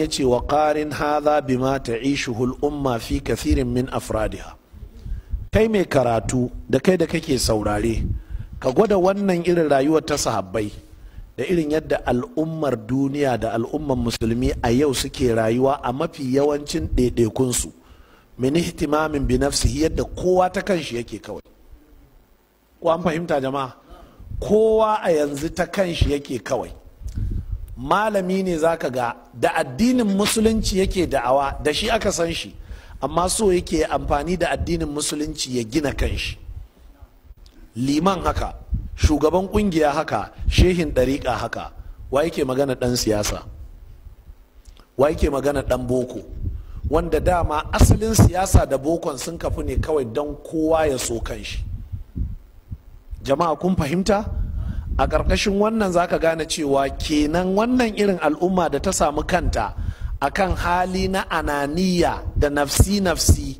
ya ce wa ƙarin haza bima ta ishi hul'umma fi kathirin min afradiha kai mai karatu da kai da kake saurare ka gwada wannan irin rayuwar ta sahabbai da irin yadda al'ummar duniya da al'ummar musulmi a yau suke rayuwa a mafi yawancin ɗaiɗaikunsu min ihtimamin bi nafsi yadda kowa ta kanshi yake kawai ko an fahimta jama'a kowa a yanzu ta kanshi yake kawai malami ne zaka ga da addinin musulunci yake da'awa da shi aka san shi amma so yake amfani da addinin musulunci ya gina kanshi liman haka shugaban kungiya haka shehin ɗariƙa haka wa yake magana ɗan siyasa wa yake magana ɗan boko wanda dama asalin siyasa da bokon sun kafu ne kawai don kowa ya so kanshi jama'a kun fahimta a ƙarƙashin wannan zaka gane cewa kenan wannan irin al'umma da ta samu kanta a kan hali na ananiya da nafsi nafsi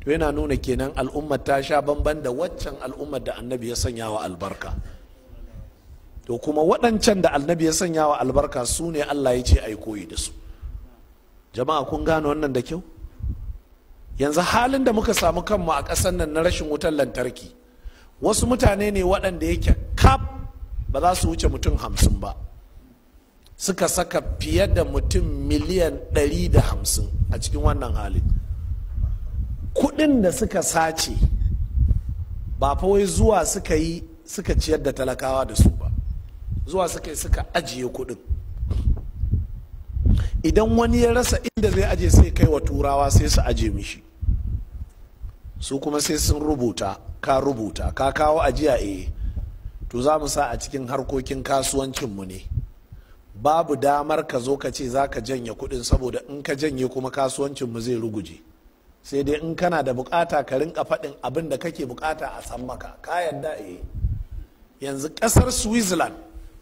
to yana nuna kenan al'ummar ta sha bamban da waccan al'ummar da annabi ya sanya wa albarka to kuma waɗancan da annabi ya sanya wa albarka su ne allah ya ce ai koyi da su jama'a kun gane wannan da kyau yanzu halin da muka samu kanmu a ƙasar nan na rashin wutar lantarki wasu mutane ne waɗanda yake kaf ba za su wuce mutum hamsin ba suka saka fiye da mutum miliyan ɗari da hamsin a cikin wannan halin kudin da suka sace ba wai zuwa suka yi suka ciyar da talakawa da su ba zuwa suka yi suka ajiye kudin idan wani ya rasa inda zai aje sai kai wa turawa sai su aje mishi su kuma sai sun rubuta ka rubuta ka kawo ajiya eh to za mu sa a cikin harkokin kasuwancinmu ne babu damar ka zo ka ce za ka janye kuɗin saboda in ka janye kuma kasuwancinmu zai ruguje sai dai in kana da bukata ka rinka faɗin abin da kake bukata a san maka ka yadda eh yanzu ƙasar switzerland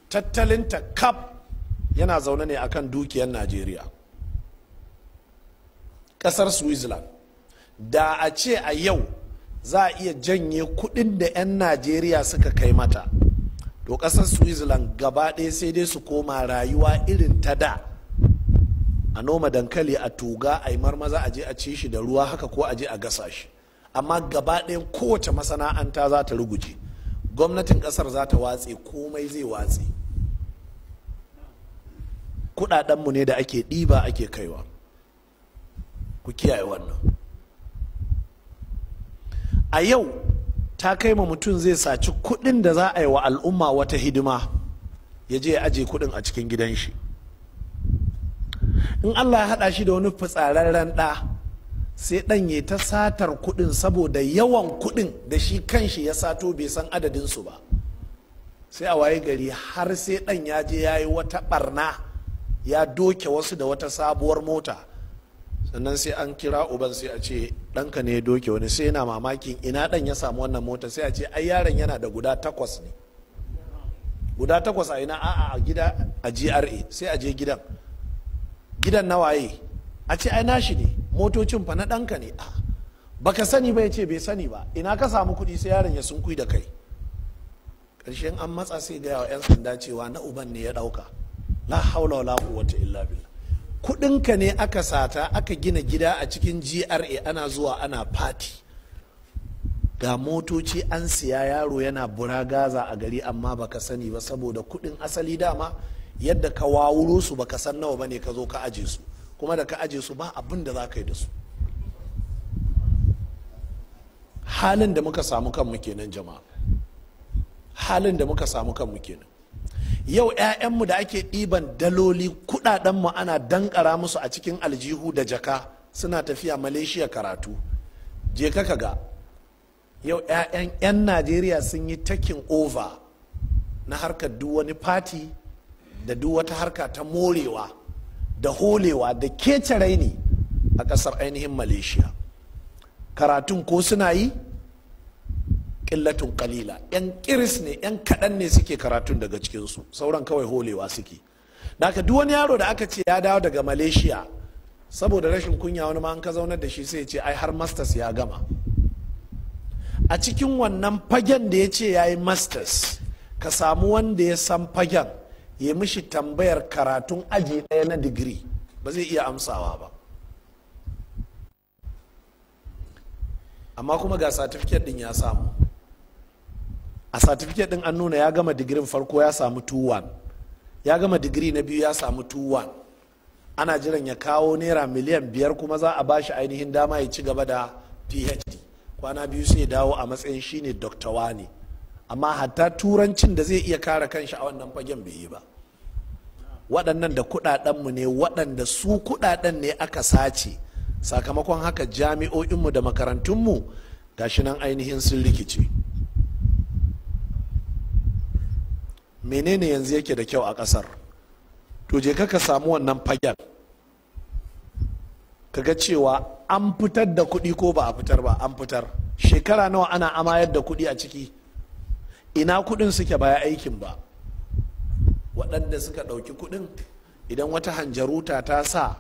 tattalinta kap yana zaune ne akan dukiyar najeriya ƙasar switzerland da a ce a yau za a iya janye kudin da 'yan najeriya suka kai mata to ƙasar switzerland gaba ɗaya sai dai su koma rayuwa irin ta da a noma dankali a tuga a yi marmaza a je a ci shi da ruwa haka ko a je a gasa shi amma gaba ɗayan kowace masana'anta za ta ruguje gwamnatin ƙasar za ta watse komai zai watse kuɗaɗenmu ne da ake ɗiba ake kaiwa ku kiyaye wannan a yau ta kai ma mutum zai saci kuɗin da za a yi wa al'umma wata hidima ya je ya aje kuɗin a cikin gidan shi in allah ya haɗa shi da wani fitsararren ɗa sai ɗan ya ta satar kuɗin saboda yawan kuɗin da shi kan shi ya sato bai san adadinsu ba sai a waye gari har sai ɗan ya je ya yi wata ɓarna ya doke wasu da wata sabuwar mota sannan sai an kira uban sai a ce ɗanka ne ya doke wani sai yana mamakin ina ɗan ya samu wannan mota sai a ce ai yaron yana da guda takwas ne guda takwas a ina a'a a gida a GRA sai a je gidan gidan na waye a ce ai nashi ne motocin fa na ɗanka ne a baka sani ba ya ce bai sani ba ina ka samu kuɗi sai yaron ya sunkui da kai ƙarshen an matsa sai gaya wa 'yan sanda cewa na uban ne ya ɗauka la haula wala quwwata illa billah kudinka ne aka sata aka gina gida a cikin gra ana zuwa ana fati ga motoci an siya yaro yana bura Gaza a gari amma baka sani ba saboda kudin asali dama yadda ka wawuro su baka san nawa bane ka zo ka aje su kuma da ka aje su ba abin da za ka yi da su halin da muka samu kanmu kenan jama'a halin da muka samu kanmu kenan yau 'ya'yanmu da ake ɗiban daloli mu ana dankara musu a cikin aljihu da jaka suna tafiya malaysia karatu je ka ga yau 'ya'yan 'yan najeriya sun yi takin over na harkar duk wani fati da duk wata harka ta morewa da holewa da kece raini a ƙasar ainihin malaysia karatun ko suna yi ƙillatun kalila yan kiris ne yan kaɗan ne suke karatun daga cikinsu sauran kawai holewa suke naka duk wani yaro da aka ce ya dawo daga malaysia saboda rashin kunya wani ma an ka zaunar da shi sai ce ai har masters ya gama a cikin wannan fagen da ya ce ya yi masters ka samu wanda ya san fagen ya mishi tambayar karatun aji ɗaya na digiri ba zai iya amsawa ba amma kuma ga satifiket din ya samu a satifiket din an nuna ya gama digirin farko ya samu 2-1 ya gama digiri na biyu ya samu 2-1 ana jiran ya kawo naira miliyan biyar kuma za a bashi ainihin dama ya ci gaba da phd kwana biyu sai dawo a matsayin shine dr wani amma hatta turancin da zai iya kare kanshi a wannan fagen bai yi ba waɗannan da kuɗaɗenmu ne waɗanda su kuɗaɗen ne aka sace sakamakon haka jami'o'inmu da makarantunmu gashi nan ainihin sun rikice. menene yanzu yake da kyau a ƙasar to je ka samu wannan fagen kaga cewa an fitar da kuɗi ko ba a fitar ba an fitar shekara nawa ana amayar da kuɗi a ciki ina kuɗin suke baya aikin ba waɗanda suka ɗauki kuɗin idan wata hanjaruta ta sa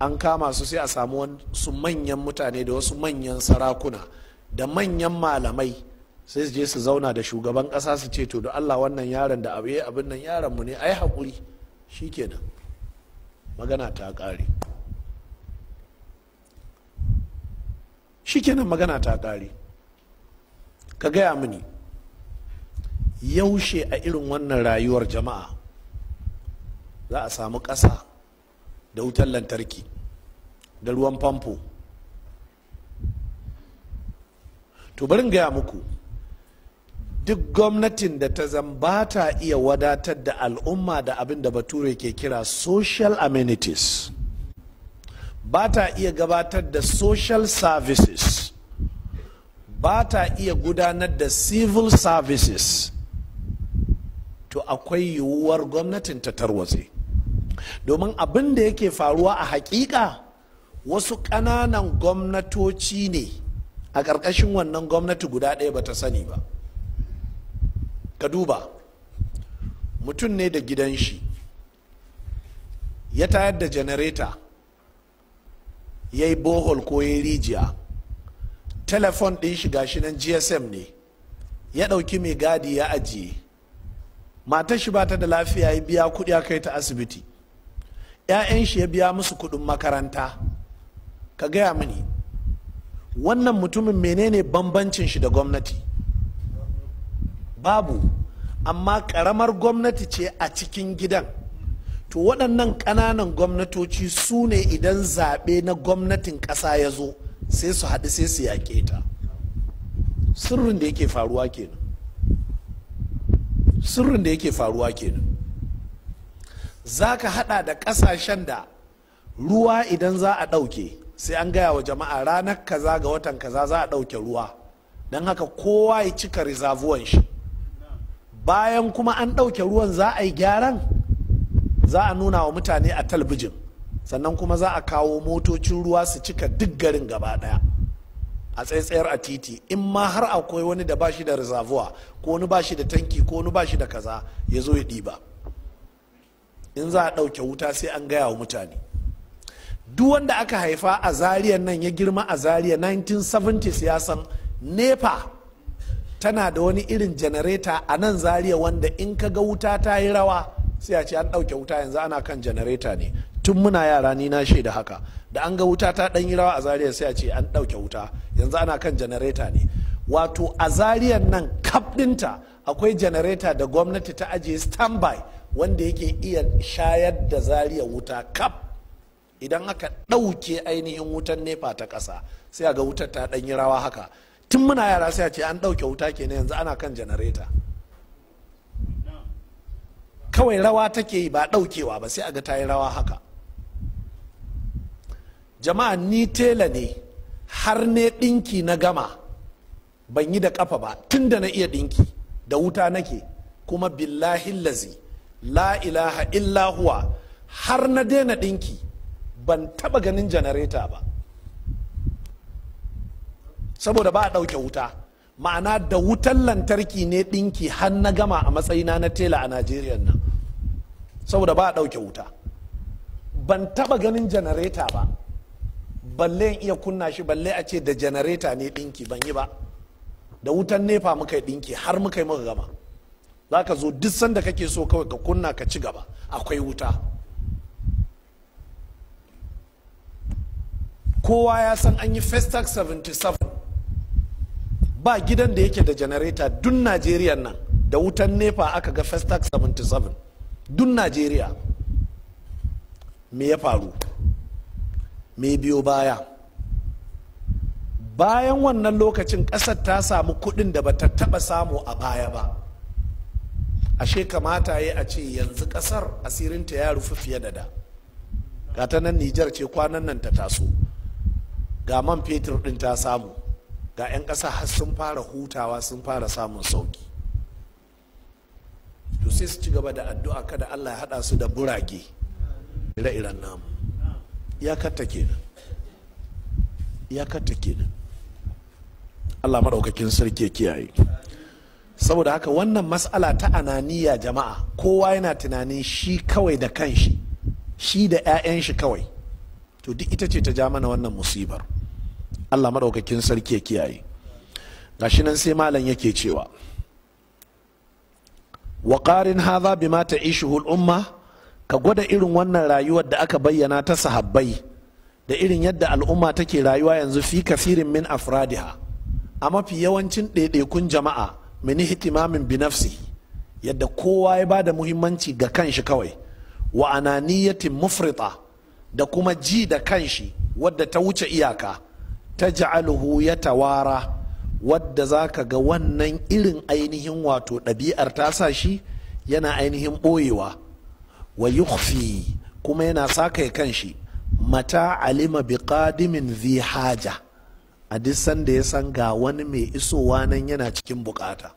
an kama su sai a samu wasu manyan mutane da wasu manyan sarakuna da manyan malamai sai su je su zauna da shugaban kasa su ce to da Allah wannan yaron da abu abin nan yaron mu ne ai hakuri shikenan magana ta kare shikenan magana ta kare ka gaya mini yaushe a irin wannan rayuwar jama'a za a samu ƙasa da wutar lantarki da ruwan famfo to bari gaya muku duk gwamnatin da ta zamba ta iya wadatar da al'umma da abin da bature ke kira social amenities ba ta iya gabatar da social services ba ta iya gudanar da civil services to akwai yiwuwar gwamnatin ta tarwatse domin abin da yake faruwa a hakika wasu ƙananan gwamnatoci ne a ƙarƙashin wannan gwamnati guda ɗaya ba ta sani ba ka duba mutum ne da gidan shi ya tayar da janareta ya yi bohol ko ya rijiya telefon ɗin shi gashi nan gsm ne ya ɗauki mai gadi ya ajiye Mata shi ba ta da lafiya ya biya kuɗi a kai ta asibiti 'ya'yan shi ya biya musu kuɗin makaranta ka gaya mini wannan mutumin menene bambancin shi da gwamnati babu amma karamar gwamnati ce a cikin gidan to waɗannan ƙananan gwamnatoci su ne idan zaɓe na gwamnatin ƙasa ya zo sai su haɗu sai su yaƙe ta sirrin da yake faruwa kenan sirrin da yake faruwa kenan za ka haɗa da ƙasashen da ruwa idan za a ɗauke sai an gaya wa jama'a ranar kaza ga watan kaza za a ɗauke ruwa don haka kowa ya cika rizavuwan shi bayan kuma an ɗauke ruwan za a yi gyaran za a nuna wa mutane a talbijin sannan kuma za a kawo motocin ruwa su cika duk garin gaba ɗaya a tsaitsayar a titi in ma har akwai wani da bashi da reservoir ko wani bashi da tanki ko wani bashi da kaza ya zo ya ɗiba in za a ɗauke wuta sai an gaya wa mutane duk wanda aka haifa a zariyan nan ya girma a zariya 1970s ya san nepa tana da wani irin janareta a nan zariya wanda in ka ga wuta ta yi rawa sai a ce an ɗauke wuta yanzu ana kan janareta ne tun muna yara ni na shaida haka da an ga wuta ta ɗan yi rawa a zariya sai a ce an ɗauke wuta yanzu ana kan janareta ne wato a zariyan nan kaf ɗinta akwai janareta da gwamnati ta ajiye standby wanda yake iya shayar da zariya wuta kaf idan aka ɗauke ainihin wutan nefa ta ƙasa sai a ga wutar ta ɗan yi rawa haka tun muna yara sai a ce an ɗauke wuta kenan yanzu ana kan janareta kawai rawa take yi ba ɗaukewa ba sai a ga ta yi rawa haka jama'a ni tela ne har ne ɗinki na gama ban yi da ƙafa ba tun da na iya ɗinki da wuta nake kuma billahi lazi la ilaha illa har na daina ɗinki ban taɓa ganin janareta ba saboda ba a ɗauke wuta ma'ana da wutan lantarki ne ɗinki har na gama a matsayina na tela a najeriya nan saboda ba a ɗauke wuta ban taɓa ganin janareta ba balle in iya kunna shi balle a ce da janareta ne ɗinki ban yi ba da wutan nefa muka yi ɗinki har muka yi muka gama za ka zo duk sanda kake so kawai ka kunna ka ci gaba akwai wuta kowa ya san an yi festac 77 ba gidan da yake da janareta dun najeriya nan da wutan nefa aka ga festac 77 dun najeriya me ya faru me biyo baya bayan wannan lokacin ƙasar ta samu kuɗin da ba ta taɓa samu a baya ba ashe kamata ya a ce yanzu ƙasar asirinta ya rufe fiye da da gata nan nijar ce kwanan nan ta taso ga man fetur ɗin ta samu ga 'yan ƙasa har sun fara hutawa sun fara samun sauki to sai su ci gaba da addu'a kada allah ya haɗa su da burage ire-iren namu iyakarta kenan iyakarta kenan allah maɗaukakin sarki ya kiyaye saboda haka wannan matsala ta ananiya jama'a kowa yana tunanin shi kawai da kanshi shi da 'ya'yan shi kawai to duk ita ce ta ja mana wannan musibar Allah maɗaukakin sarki ya kiyaye gashi nan sai malam yake cewa wa qarin hadha bima ta'ishuhu al-umma ka gwada irin wannan rayuwar da aka bayyana ta sahabbai da irin yadda al'umma take rayuwa yanzu fi kasirin min afradiha a mafi yawancin ɗaiɗaikun jama'a mini hitimamin bi nafsi yadda kowa ya bada muhimmanci ga kanshi kawai wa ananiyatin mufrita da kuma ji da kanshi wadda ta wuce iyaka ta ya tawara wadda zaka ga wannan irin ainihin wato ɗabi'ar ta sa shi yana ainihin ɓoyewa wa yukhfi kuma yana yi kan shi mata alima bi qadimin zi haja a duk sanda ya san ga wani mai isowa nan yana cikin bukata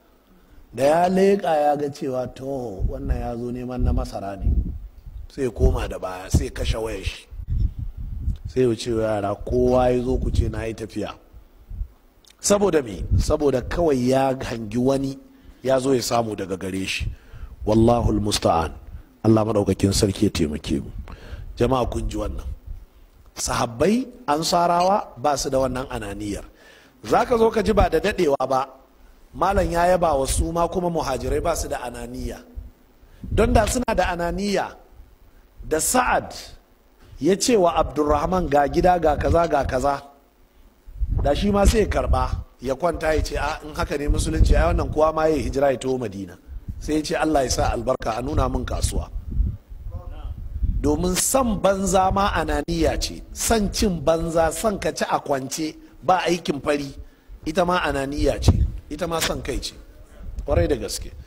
da ya leƙa ya ga cewa to wannan ya zo neman na masara ne sai koma da baya sai kashe wayar shi sai ya ce yara kowa ya zo ku ce na yi tafiya saboda me saboda kawai ya hangi wani ya zo ya samu daga gare shi wallahul musta'an Allah maɗaukakin sarki ya taimake mu jama'a kun ji wannan sahabbai sarawa ba su da wannan ananiyar Za ka zo ka ji ba da daɗewa ba malam ya yaba wa su ma kuma muhajirai ba su da ananiya don da suna da ananiya da sa'ad ya ce wa abdurrahman ga gida ga kaza ga kaza da shi ma sai ya karba ya kwanta ya ce in haka ne musulunci ai wannan kowa ma ya hijira ya taho madina sai ya ce allah ya sa albarka a nuna min kasuwa domin san banza ma ananiya ce san cin banza san ka ci a kwance ba aikin fari ita ma ananiya ce ita ma son kai ce kwarai da gaske